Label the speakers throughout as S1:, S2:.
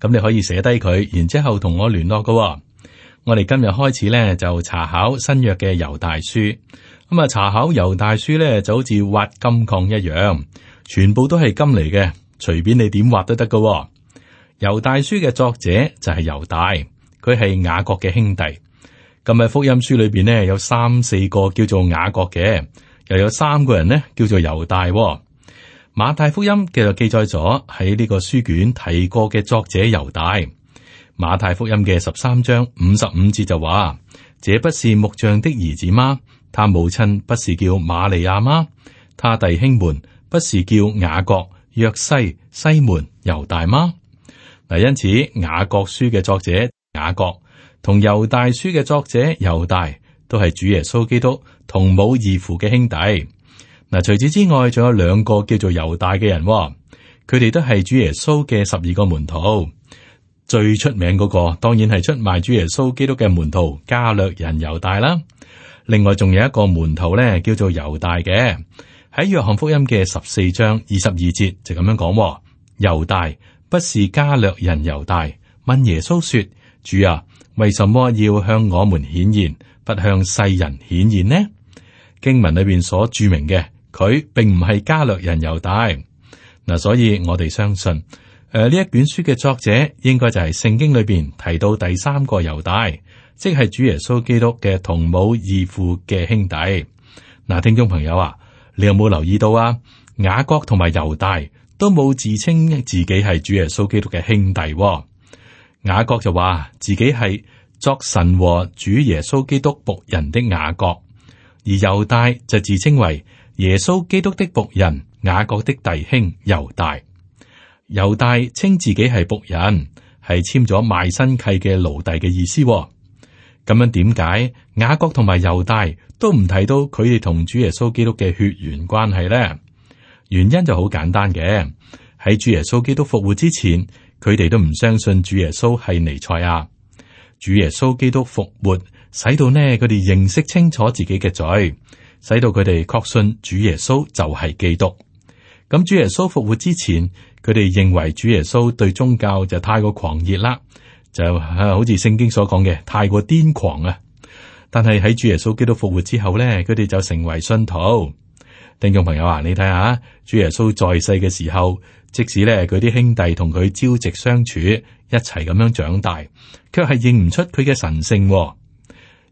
S1: 咁你可以寫低佢，然之後同我聯絡噶喎。我哋今日開始咧就查考新約嘅猶大書。咁啊，查考猶大書咧就好似挖金礦一樣，全部都係金嚟嘅，隨便你點挖都得噶喎。猶大書嘅作者就係猶大，佢係雅各嘅兄弟。今日福音書裏邊咧有三四個叫做雅各嘅，又有三個人咧叫做猶大喎。馬太福音就記載咗喺呢個書卷提過嘅作者猶大。馬太福音嘅十三章五十五節就話：這不是木匠的兒子嗎？他母親不是叫瑪利亞嗎？他弟兄們不是叫雅各、約西、西門、猶大嗎？嗱，因此雅各書嘅作者雅各同猶大書嘅作者猶大都係主耶穌基督同母異父嘅兄弟。嗱，除此之外，仲有兩個叫做猶大嘅人，哦，佢哋都係主耶穌嘅十二個門徒。最出名嗰個當然係出賣主耶穌基督嘅門徒加略人猶大啦。另外仲有一個門徒咧，叫做猶大嘅，喺約翰福音嘅十四章二十二節就咁樣講，哦，猶大不是加略人猶大，問耶穌說，主啊，為什麼要向我們顯現，不向世人顯現呢？經文裏邊所注明嘅。佢並唔係加略人猶大嗱，所以我哋相信，誒，呢一卷書嘅作者應該就係聖經裏邊提到第三個猶大，即係主耶穌基督嘅同母異父嘅兄弟。嗱、呃，聽眾朋友啊，你有冇留意到啊？雅各同埋猶大都冇自稱自己係主耶穌基督嘅兄弟、啊。雅各就話自己係作神和主耶穌基督僕人的雅各，而猶大就自稱為。耶穌基督的僕人雅各的弟兄猶大，猶大稱自己係僕人，係簽咗賣身契嘅奴隸嘅意思喎。咁樣，點解雅各同埋猶大都唔提到佢哋同主耶穌基督嘅血緣關係呢？原因就好簡單嘅，喺主耶穌基督復活之前，佢哋都唔相信主耶穌係尼賽亞。主耶穌基督復活，使到呢佢哋認識清楚自己嘅罪。使到佢哋確信主耶穌就係基督。咁主耶穌復活之前，佢哋認為主耶穌對宗教就太過狂熱啦，就好似聖經所講嘅太過癲狂啊。但係喺主耶穌基督復活之後呢，佢哋就成為信徒。聽眾朋友啊，你睇下主耶穌在世嘅時候，即使呢佢啲兄弟同佢朝夕相處，一齊咁樣長大，卻係認唔出佢嘅神性。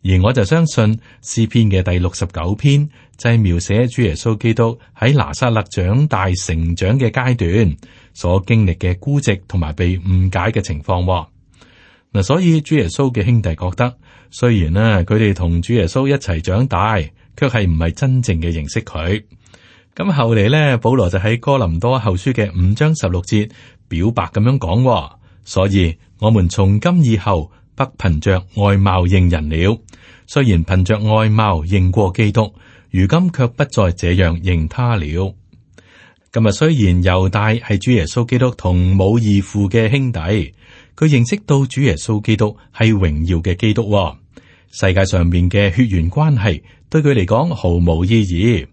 S1: 而我就相信詩篇嘅第六十九篇就係、是、描寫主耶穌基督喺拿撒勒長大成長嘅階段所經歷嘅孤寂同埋被誤解嘅情況。嗱、啊，所以主耶穌嘅兄弟覺得，雖然咧佢哋同主耶穌一齊長大，卻係唔係真正嘅認識佢。咁、啊、後嚟呢，保羅就喺哥林多後書嘅五章十六節表白咁樣講，所以我們從今以後不憑着外貌認人了。雖然憑着外貌認過基督，如今卻不再這樣認他了。今日雖然猶大係主耶穌基督同母異父嘅兄弟，佢認識到主耶穌基督係榮耀嘅基督，哦。世界上面嘅血緣關係對佢嚟講毫無意義。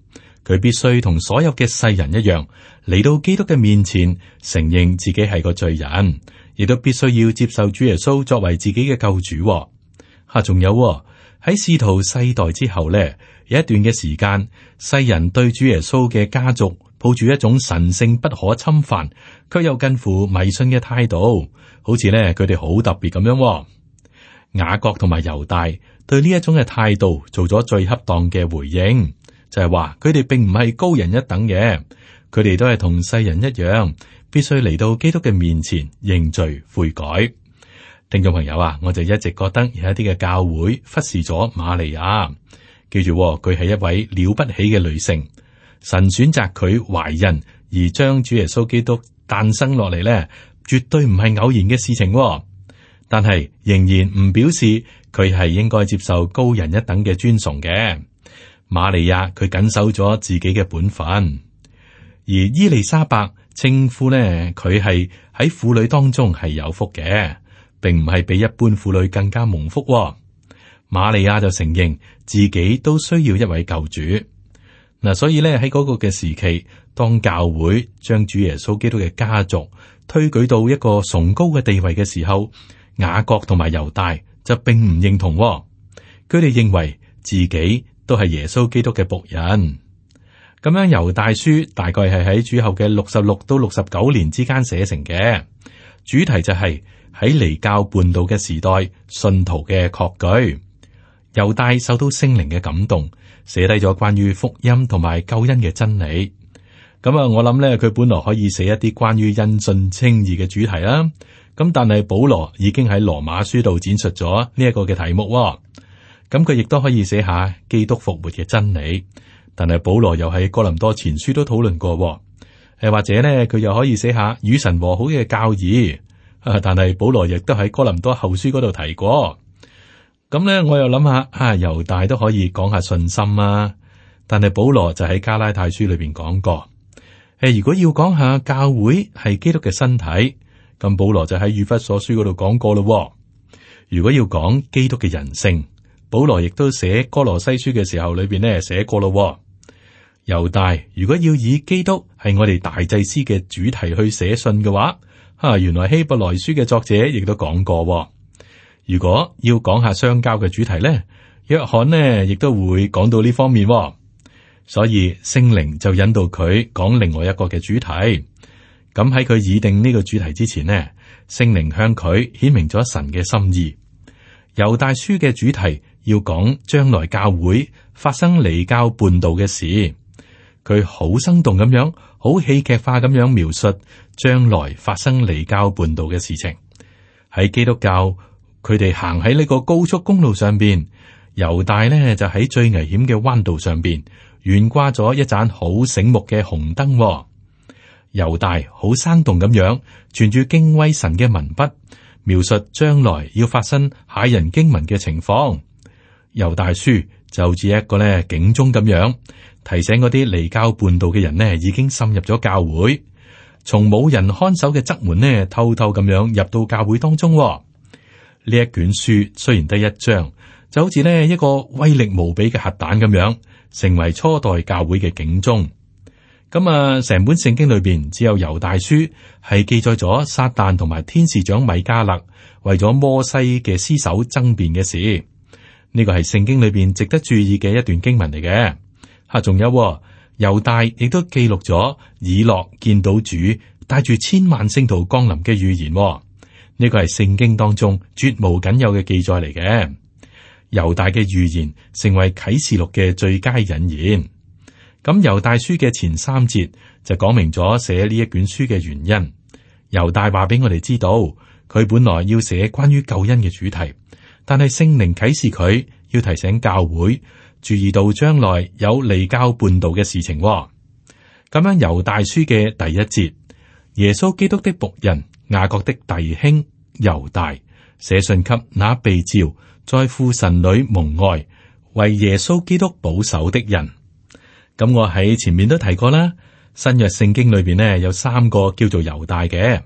S1: 佢必須同所有嘅世人一樣嚟到基督嘅面前，承認自己係個罪人，亦都必須要接受主耶穌作為自己嘅救主，哦。吓、啊，仲有，哦。喺使徒世代之後呢，有一段嘅時間，世人對主耶穌嘅家族抱住一種神聖不可侵犯，卻又近乎迷信嘅態度，好似呢，佢哋好特別咁樣。雅各同埋猶大對呢一種嘅態度做咗最恰當嘅回應，就係話佢哋並唔係高人一等嘅，佢哋都係同世人一樣，必須嚟到基督嘅面前認罪悔改。聽眾朋友啊，我就一直覺得有一啲嘅教會忽視咗瑪利亞。記住佢、哦、係一位了不起嘅女性，神選擇佢懷孕而將主耶穌基督誕生落嚟咧，絕對唔係偶然嘅事情、哦。但係仍然唔表示佢係應該接受高人一等嘅尊崇嘅。瑪利亞佢謹守咗自己嘅本分，而伊麗莎白稱呼呢，佢係喺婦女當中係有福嘅。並唔係比一般婦女更加蒙福、哦。瑪利亞就承認自己都需要一位救主嗱、啊，所以咧喺嗰個嘅時期，當教會將主耶穌基督嘅家族推舉到一個崇高嘅地位嘅時候，雅各同埋猶大就並唔認同、哦，佢哋認為自己都係耶穌基督嘅僕人。咁樣，猶大書大概係喺主後嘅六十六到六十九年之間寫成嘅，主題就係、是。喺離教叛道嘅時代，信徒嘅擴舉，猶大受到聖靈嘅感動，寫低咗關於福音同埋救恩嘅真理。咁、嗯、啊，我諗咧佢本來可以寫一啲關於因信稱義嘅主題啦。咁但係保羅已經喺羅馬書度展述咗呢一個嘅題目。咁佢亦都可以寫下基督復活嘅真理。但係保羅又喺哥林多前書都討論過。誒，或者咧佢又可以寫下與神和好嘅教義。但係保羅亦都喺哥林多後書嗰度提過，咁呢，我又諗下，啊猶大都可以講下信心啊！但係保羅就喺加拉太書裏邊講過，誒、呃、如果要講下教會係基督嘅身體，咁、嗯、保羅就喺以弗所書嗰度講過咯、啊。如果要講基督嘅人性，保羅亦都寫哥羅西書嘅時候裏邊呢，寫過咯、啊。猶大如果要以基督係我哋大祭司嘅主題去寫信嘅話。啊，原來希伯來書嘅作者亦都講過，如果要講下相交嘅主題咧，約翰呢亦都會講到呢方面，所以聖靈就引導佢講另外一個嘅主題。咁喺佢擬定呢個主題之前呢，聖靈向佢顯明咗神嘅心意。猶大書嘅主題要講將來教會發生離教叛道嘅事，佢好生動咁樣，好戲劇化咁樣描述將來發生離交叛道嘅事情，喺基督教佢哋行喺呢個高速公路上邊，猶大呢就喺最危險嘅彎道上邊懸掛咗一盞好醒目嘅紅燈。猶大好生動咁樣，存住敬畏神嘅文筆，描述將來要發生駭人驚聞嘅情況。猶大書就似一個咧警鐘咁樣。提醒嗰啲離經叛道嘅人呢，已經滲入咗教會，從冇人看守嘅側門呢，偷偷咁樣入到教會當中，哦。呢一卷書雖然得一章，就好似呢一個威力無比嘅核彈咁樣，成為初代教會嘅警鐘。咁、嗯、啊，成本聖經裏邊只有猶大書係記載咗撒旦同埋天使長米迦勒為咗摩西嘅屍首爭辯嘅事。呢個係聖經裏邊值得注意嘅一段經文嚟嘅。啊，仲有喎，猶大亦都記錄咗以諾見到主帶住千萬聖徒降臨嘅預言喎，呢個係聖經當中絕無僅有嘅記載嚟嘅。猶大嘅預言成為啟示錄嘅最佳引言。咁猶大書嘅前三節就講明咗寫呢一卷書嘅原因。猶大話俾我哋知道，佢本來要寫關於救恩嘅主題，但係聖靈啟示佢要提醒教會。注意到將來有離教叛道嘅事情。哦，咁樣，猶大書嘅第一節，耶穌基督的僕人雅各的弟兄猶大，寫信給那被召在父神裏蒙愛，為耶穌基督保守的人。咁我喺前面都提過啦，新約聖經裏邊呢有三個叫做猶大嘅，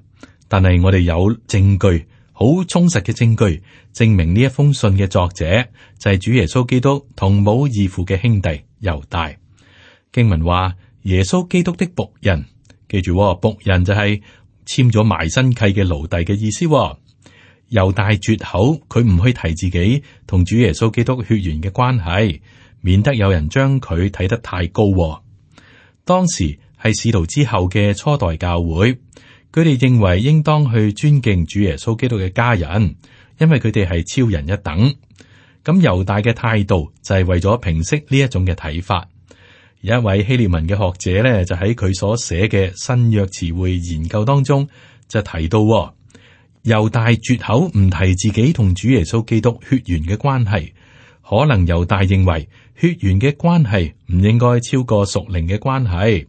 S1: 但係我哋有證據。好充實嘅證據，證明呢一封信嘅作者就係、是、主耶穌基督同母異父嘅兄弟猶大。經文話耶穌基督的僕人，記住、哦、僕人就係簽咗埋身契嘅奴隸嘅意思、哦。猶大絕口，佢唔去提自己同主耶穌基督血緣嘅關係，免得有人將佢睇得太高、哦。當時係使徒之後嘅初代教會。佢哋認為應當去尊敬主耶穌基督嘅家人，因為佢哋係超人一等。咁猶大嘅態度就係為咗平息呢一種嘅睇法。有一位希臘文嘅學者咧，就喺佢所寫嘅新約詞彙研究當中就提到，猶大絕口唔提自己同主耶穌基督血緣嘅關係，可能猶大認為血緣嘅關係唔應該超過屬靈嘅關係。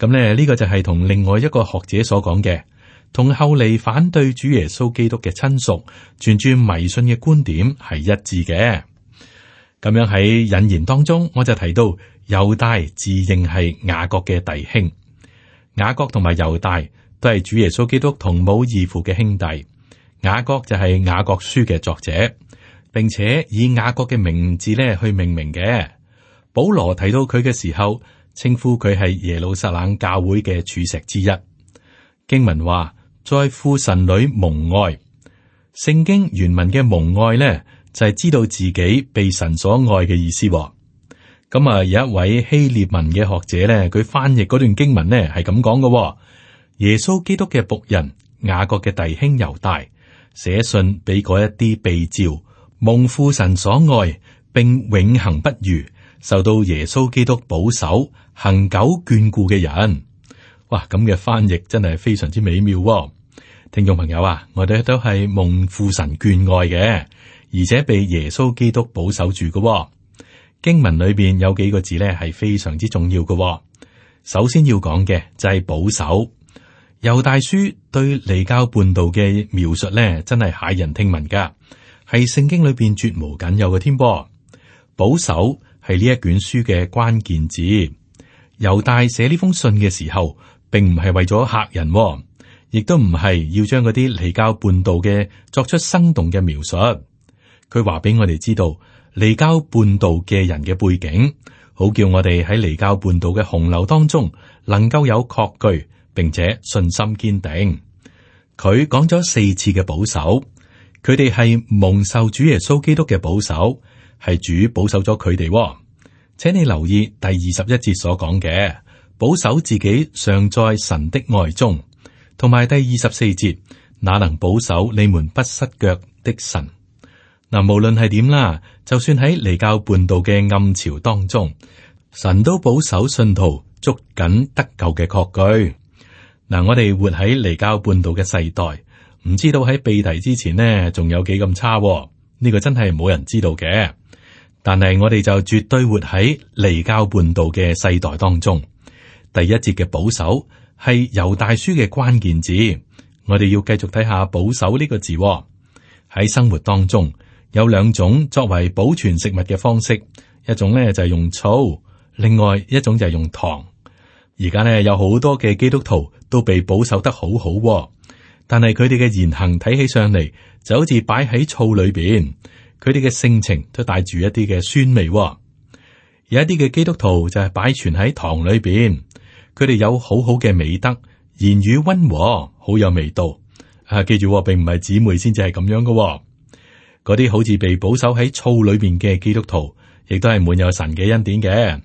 S1: 咁呢，呢個就係同另外一個學者所講嘅，同後嚟反對主耶穌基督嘅親屬轉轉迷信嘅觀點係一致嘅。咁樣喺引言當中，我就提到猶大自認係雅各嘅弟兄，雅各同埋猶大都係主耶穌基督同母異父嘅兄弟。雅各就係雅各書嘅作者，並且以雅各嘅名字咧去命名嘅。保羅提到佢嘅時候。稱呼佢係耶路撒冷教會嘅柱石之一。經文話，在父神裏蒙愛。聖經原文嘅蒙愛呢，就係、是、知道自己被神所愛嘅意思。咁、嗯、啊，有一位希臘文嘅學者呢，佢翻譯嗰段經文呢係咁講嘅。耶穌基督嘅僕人雅各嘅弟兄猶大寫信俾嗰一啲被召蒙父神所愛，並永恆不渝。受到耶穌基督保守、恆久眷顧嘅人，哇！咁嘅翻譯真係非常之美妙，哦。聽眾朋友啊，我哋都係蒙父神眷愛嘅，而且被耶穌基督保守住嘅，哦，經文裏邊有幾個字咧，係非常之重要嘅，哦。首先要講嘅就係保守。猶大書對離教叛道嘅描述咧，真係駭人聽聞噶，係聖經裏邊絕無僅有嘅添噃保守。係呢一卷書嘅關鍵字。猶大寫呢封信嘅時候，並唔係為咗嚇人、哦，亦都唔係要將嗰啲離教叛道嘅作出生動嘅描述。佢話俾我哋知道離教叛道嘅人嘅背景，好叫我哋喺離教叛道嘅洪流當中，能夠有確據，並且信心堅定。佢講咗四次嘅保守，佢哋係蒙受主耶穌基督嘅保守，係主保守咗佢哋喎。請你留意第二十一節所講嘅保守自己常在神的愛中，同埋第二十四節那能保守你們不失腳的神。嗱，無論係點啦，就算喺離教叛道嘅暗潮當中，神都保守信徒捉緊得救嘅確據。嗱，我哋活喺離教叛道嘅世代，唔知道喺被提之前呢，仲有幾咁差？呢、這個真係冇人知道嘅。但係我哋就絕對活喺離教叛道嘅世代當中。第一節嘅保守係猶大書嘅關鍵字，我哋要繼續睇下保守呢個字喎、哦。喺生活當中有兩種作為保存食物嘅方式，一種咧就係、是、用醋，另外一種就係用糖。而家咧有好多嘅基督徒都被保守得好好、哦，但係佢哋嘅言行睇起上嚟就好似擺喺醋裏邊。佢哋嘅性情都帶住一啲嘅酸味、哦，有一啲嘅基督徒就係擺存喺堂裏邊，佢哋有好好嘅美德，言語溫和，好有味道。啊，記住、哦，並唔係姊妹先至係咁樣噶、哦，嗰啲好似被保守喺醋裏邊嘅基督徒，亦都係滿有神嘅恩典嘅。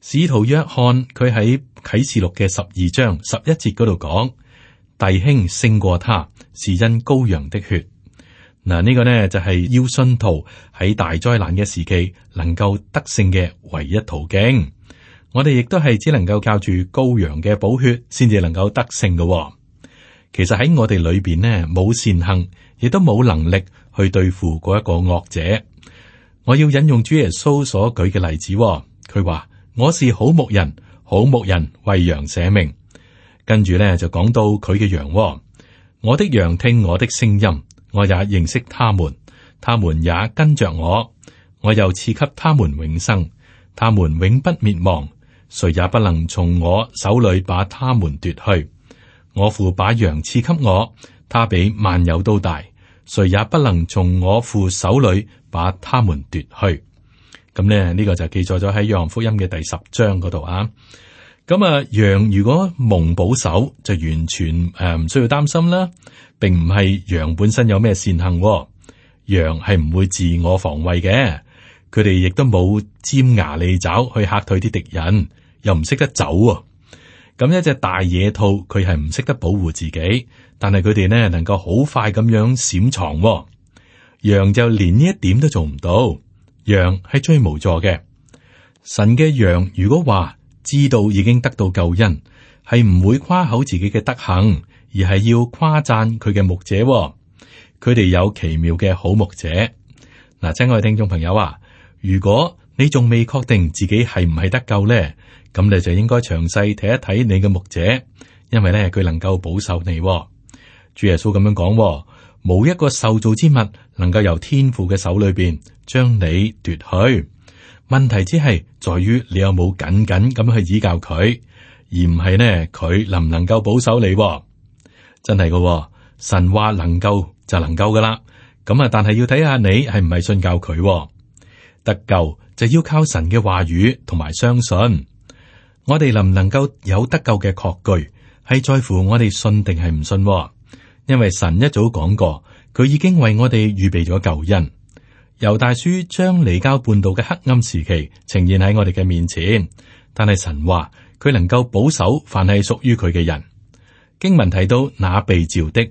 S1: 使徒約翰佢喺啟示錄嘅十二章十一節嗰度講，弟兄勝過他，是因羔羊的血。嗱，呢個呢就係、是、要信徒喺大災難嘅時期能夠得勝嘅唯一途徑。我哋亦都係只能夠靠住羔羊嘅補血，先至能夠得勝嘅、哦。其實喺我哋裏邊呢，冇善行，亦都冇能力去對付嗰一個惡者。我要引用主耶穌所舉嘅例子、哦，佢話：我是好牧人，好牧人為羊捨命。跟住呢，就講到佢嘅羊、哦，我的羊聽我的聲音。我也認識他們，他們也跟着我。我又賜給他們永生，他們永不滅亡，誰也不能從我手裏把他們奪去。我父把羊賜給我，他比萬有都大，誰也不能從我父手裏把他們奪去。咁咧，呢、這個就記載咗喺約翰福音嘅第十章嗰度啊。咁啊，羊如果蒙保守，就完全誒唔、呃、需要擔心啦。並唔係羊本身有咩善行，羊係唔會自我防衛嘅。佢哋亦都冇尖牙利爪去嚇退啲敵人，又唔識得走啊。咁一隻大野兔，佢係唔識得保護自己，但係佢哋咧能夠好快咁樣閃藏。羊就連呢一點都做唔到，羊係最無助嘅。神嘅羊如果話。知道已經得到救恩，係唔會誇口自己嘅德行，而係要誇讚佢嘅牧者。佢哋有奇妙嘅好牧者。嗱，親愛聽眾朋友啊，如果你仲未確定自己係唔係得救咧，咁你就應該詳細睇一睇你嘅牧者，因為咧佢能夠保守你。主耶穌咁樣講，冇一個受造之物能夠由天父嘅手裏邊將你奪去。問題只係在於你有冇緊緊咁去倚教佢，而唔係呢，佢能唔能夠保守你？真係噶，神話能夠就能夠噶啦。咁啊，但係要睇下你係唔係信教佢，得救就要靠神嘅話語同埋相信。我哋能唔能夠有得救嘅確據，係在乎我哋信定係唔信。因為神一早講過，佢已經為我哋預備咗救恩。猶大書將離交半道嘅黑暗時期呈現喺我哋嘅面前，但係神話佢能夠保守凡係屬於佢嘅人。經文提到那被召的，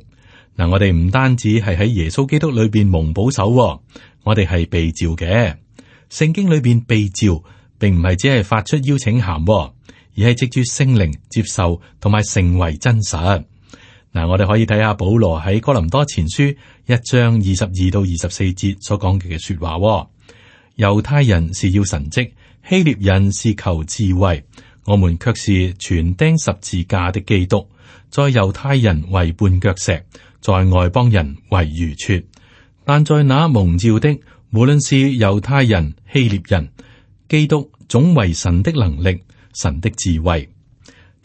S1: 嗱，我哋唔單止係喺耶穌基督裏邊蒙保守，我哋係被召嘅。聖經裏邊被召，並唔係只係發出邀請函，而係藉住聖靈接受同埋成為真實。嗱，我哋可以睇下保羅喺哥林多前書一章二十二到二十四節所講嘅說話，哦。猶太人是要神蹟，希臘人是求智慧，我們卻是傳釘十字架的基督。在猶太人為絆腳石，在外邦人為愚拙，但在那蒙召的，無論是猶太人、希臘人，基督總為神的能力、神的智慧。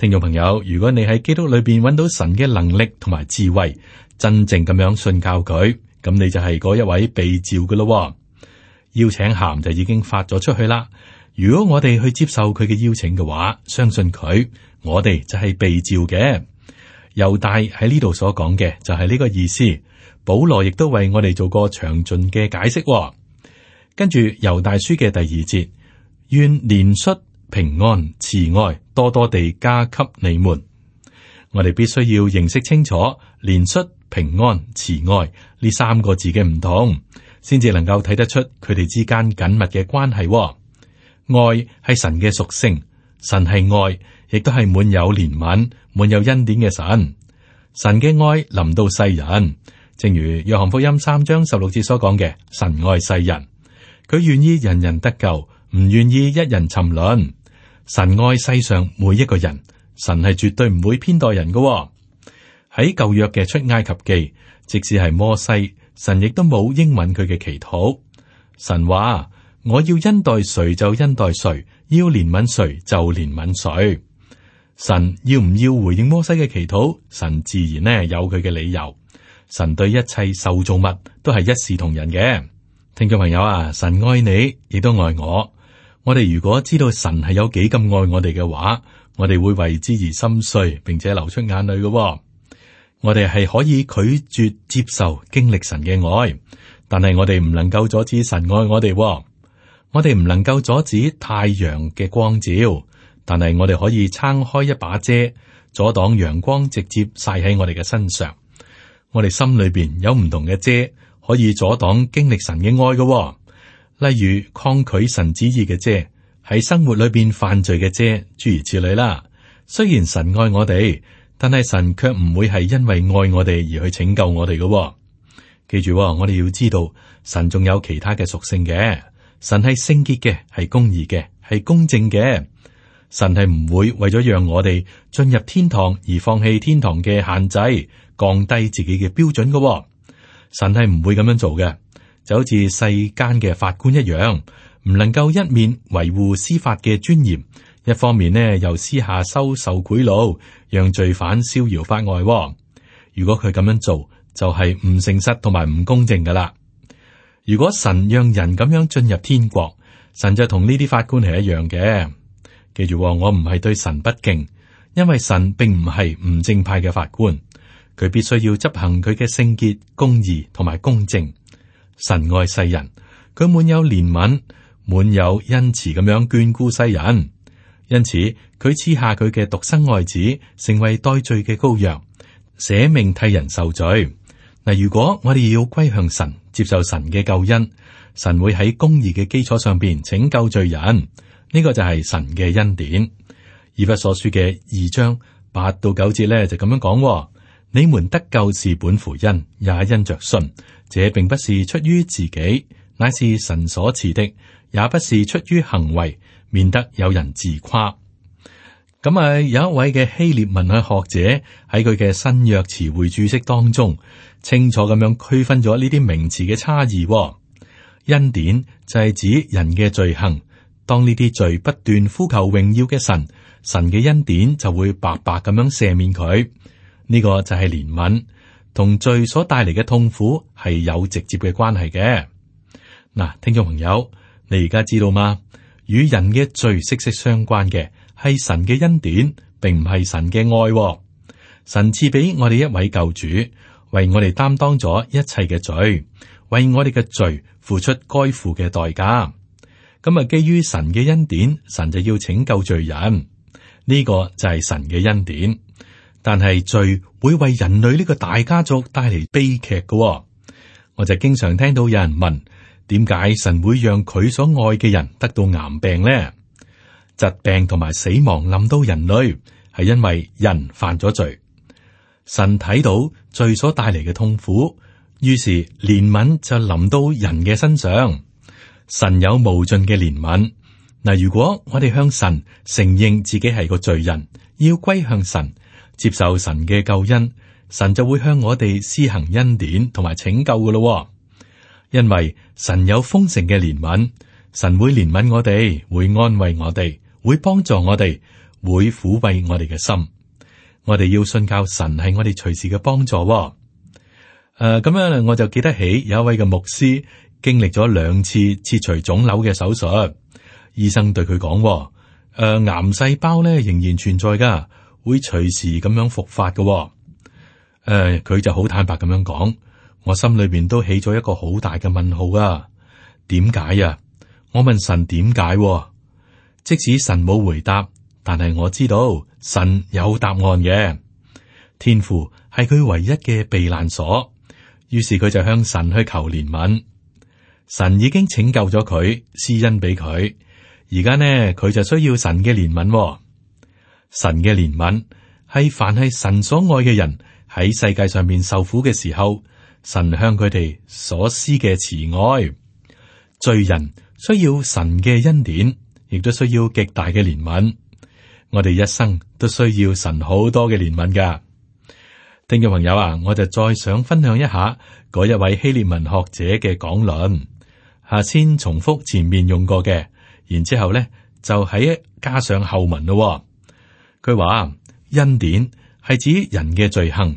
S1: 聽眾朋友，如果你喺基督裏邊揾到神嘅能力同埋智慧，真正咁樣信教佢，咁你就係嗰一位被召嘅咯。邀請函就已經發咗出去啦。如果我哋去接受佢嘅邀請嘅話，相信佢，我哋就係被召嘅。猶大喺呢度所講嘅就係呢個意思。保羅亦都為我哋做過詳盡嘅解釋。跟住猶大書嘅第二節，願憐恤。平安慈愛多多地加給你們，我哋必須要認識清楚憐恤平安慈愛呢三個字嘅唔同，先至能夠睇得出佢哋之間緊密嘅關係，哦。愛係神嘅屬性，神係愛，亦都係滿有憐憫、滿有恩典嘅神。神嘅愛臨到世人，正如約翰福音三章十六節所講嘅：神愛世人，佢願意人人得救，唔願意一人沉淪。神愛世上每一個人，神係絕對唔會偏待人嘅喎。喺舊約嘅出埃及記，即使係摩西，神亦都冇應允佢嘅祈禱。神話：我要恩待誰就恩待誰，要憐憫誰就憐憫誰。神要唔要回應摩西嘅祈禱，神自然呢有佢嘅理由。神對一切受造物都係一視同仁嘅。聽眾朋友啊，神愛你，亦都愛我。我哋如果知道神係有幾咁愛我哋嘅話，我哋會為之而心碎，並且流出眼淚嘅哦。我哋係可以拒絕接受經歷神嘅愛，但係我哋唔能夠阻止神愛我哋哦。我哋唔能夠阻止太陽嘅光照，但係我哋可以撐開一把遮，阻擋陽光直接曬喺我哋嘅身上。我哋心裏邊有唔同嘅遮，可以阻擋經歷神嘅愛嘅哦。例如抗拒神旨意嘅啫，喺生活裏邊犯罪嘅啫，諸如此類啦。雖然神愛我哋，但係神卻唔會係因為愛我哋而去拯救我哋嘅，哦。記住，哦，我哋要知道神仲有其他嘅屬性嘅。神係聖潔嘅，係公義嘅，係公正嘅。神係唔會為咗讓我哋進入天堂而放棄天堂嘅限制，降低自己嘅標準嘅，哦。神係唔會咁樣做嘅。就好似世間嘅法官一樣，唔能夠一面維護司法嘅尊嚴，一方面呢又私下收受賄賂，讓罪犯逍遙法外、哦。如果佢咁樣做，就係、是、唔誠實同埋唔公正噶啦。如果神讓人咁樣進入天國，神就同呢啲法官係一樣嘅。記住、哦，我唔係對神不敬，因為神並唔係唔正派嘅法官，佢必須要執行佢嘅聖潔、公義同埋公正。神愛世人，佢滿有憐憫，滿有恩慈咁樣眷顧世人。因此，佢賜下佢嘅獨生愛子，成為代罪嘅羔羊，捨命替人受罪。嗱，如果我哋要歸向神，接受神嘅救恩，神會喺公義嘅基礎上邊拯救罪人。呢、這個就係神嘅恩典。《以弗所書》嘅二章八到九節咧就咁樣講、哦：，你們得救是本乎恩，也因着信。這並不是出於自己，乃是神所賜的，也不是出於行為，免得有人自誇。咁啊，有一位嘅希列臘文學學者喺佢嘅新約詞彙注釋當中，清楚咁樣區分咗呢啲名詞嘅差異、哦。恩典就係指人嘅罪行，當呢啲罪不斷呼求榮耀嘅神，神嘅恩典就會白白咁樣赦免佢。呢、這個就係憐憫。同罪所帶嚟嘅痛苦，係有直接嘅關係嘅。嗱，聽眾朋友，你而家知道嗎？與人嘅罪息息相關嘅係神嘅恩典，並唔係神嘅愛，哦。神賜俾我哋一位救主，為我哋擔當咗一切嘅罪，為我哋嘅罪付出該付嘅代價。咁啊，基於神嘅恩典，神就要拯救罪人。呢個就係神嘅恩典。但係罪會為人類呢個大家族帶嚟悲劇嘅喎，我就經常聽到有人問：點解神會讓佢所愛嘅人得到癌病呢？疾病同埋死亡臨到人類，係因為人犯咗罪。神睇到罪所帶嚟嘅痛苦，於是憐憫就臨到人嘅身上。神有無盡嘅憐憫。嗱，如果我哋向神承認自己係個罪人，要歸向神，接受神嘅救恩，神就會向我哋施行恩典同埋拯救嘅咯。因為神有豐盛嘅憐憫，神會憐憫我哋，會安慰我哋，會幫助我哋，會撫慰我哋嘅心。我哋要信靠神係我哋隨時嘅幫助。誒、呃，咁樣我就記得起有一位嘅牧師經歷咗兩次切除腫瘤嘅手術，醫生對佢講：誒、呃，癌細胞咧仍然存在噶。會隨時咁樣復發嘅、哦，誒、呃，佢就好坦白咁樣講，我心裏面都起咗一個好大嘅問號啊，點解啊？我問神點解、啊？即使神冇回答，但係我知道神有答案嘅，天父係佢唯一嘅避難所。於是佢就向神去求憐憫，神已經拯救咗佢，施恩俾佢，而家呢佢就需要神嘅憐憫、哦。神嘅憐憫係凡係神所愛嘅人喺世界上面受苦嘅時候，神向佢哋所施嘅慈愛。罪人需要神嘅恩典，亦都需要極大嘅憐憫。我哋一生都需要神好多嘅憐憫噶。聽眾朋友啊，我就再想分享一下嗰一位希臘文學者嘅講論。下先重複前面用過嘅，然之後咧就喺加上後文咯哦。佢話恩典係指人嘅罪行，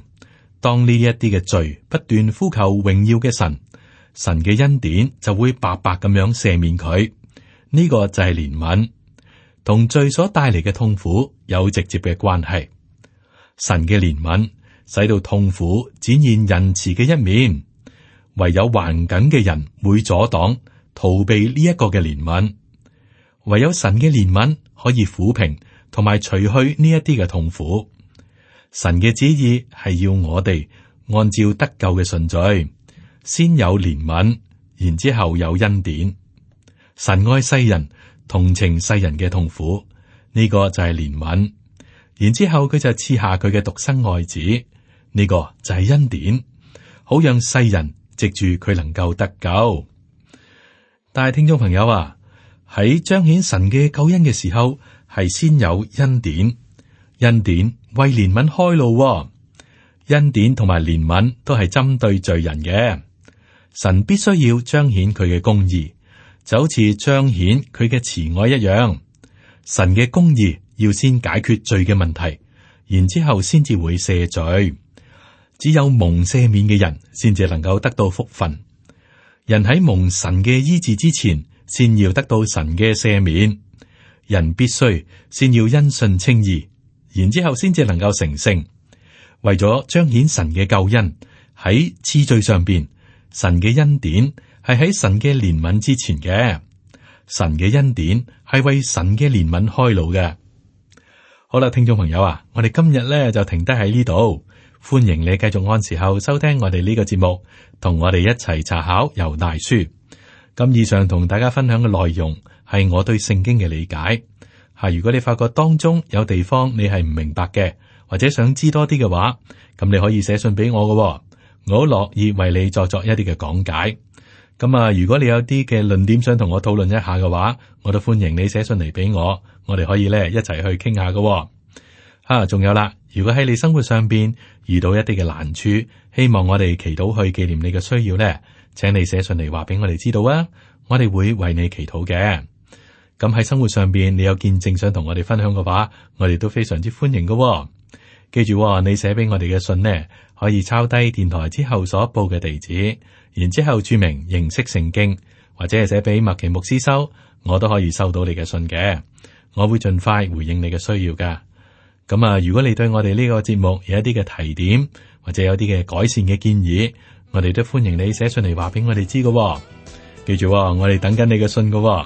S1: 當呢一啲嘅罪不斷呼求榮耀嘅神，神嘅恩典就會白白咁樣赦免佢。呢、這個就係憐憫，同罪所帶嚟嘅痛苦有直接嘅關係。神嘅憐憫使到痛苦展現仁慈嘅一面，唯有環境嘅人會阻擋逃避呢一個嘅憐憫，唯有神嘅憐憫可以撫平。同埋除去呢一啲嘅痛苦，神嘅旨意係要我哋按照得救嘅順序，先有憐憫，然之後有恩典。神愛世人，同情世人嘅痛苦，呢個就係憐憫，然之後佢就賜下佢嘅獨生愛子，呢個就係恩典，好讓世人藉住佢能夠得救。但係聽眾朋友啊，喺彰顯神嘅救恩嘅時候。係先有恩典，恩典為憐憫開路喎。恩典同埋憐憫都係針對罪人嘅，神必須要彰顯佢嘅公義，就好似彰顯佢嘅慈愛一樣。神嘅公義要先解決罪嘅問題，然之後先至會赦罪。只有蒙赦免嘅人，先至能夠得到福分。人喺蒙神嘅醫治之前，先要得到神嘅赦免。人必須先要因信稱義，然之後先至能夠成聖。為咗彰顯神嘅救恩，喺次序上邊，神嘅恩典係喺神嘅憐憫之前嘅。神嘅恩典係為神嘅憐憫開路嘅。好啦，聽眾朋友啊，我哋今日咧就停低喺呢度。歡迎你繼續按時候收聽我哋呢個節目，同我哋一齊查考《猶大書》。咁以上同大家分享嘅內容。係我對聖經嘅理解吓。如果你發覺當中有地方你係唔明白嘅，或者想知多啲嘅話，咁你可以寫信俾我噶哦，我好樂意為你作作一啲嘅講解。咁啊，如果你有啲嘅論點想同我討論一下嘅話，我都歡迎你寫信嚟俾我，我哋可以咧一齊去傾下噶哦。啊，仲有啦，如果喺你生活上邊遇到一啲嘅難處，希望我哋祈禱去紀念你嘅需要咧，請你寫信嚟話俾我哋知道啊，我哋會為你祈禱嘅。咁喺生活上邊，你有見證想同我哋分享嘅話，我哋都非常之歡迎噶、哦。記住，哦、你寫俾我哋嘅信呢，可以抄低電台之後所報嘅地址，然之後注明認識聖經，或者係寫俾麥奇牧師收，我都可以收到你嘅信嘅。我會盡快回應你嘅需要噶。咁、嗯、啊，如果你對我哋呢個節目有一啲嘅提點，或者有啲嘅改善嘅建議，我哋都歡迎你寫信嚟話俾我哋知噶。記住，哦、我哋等緊你嘅信噶、哦。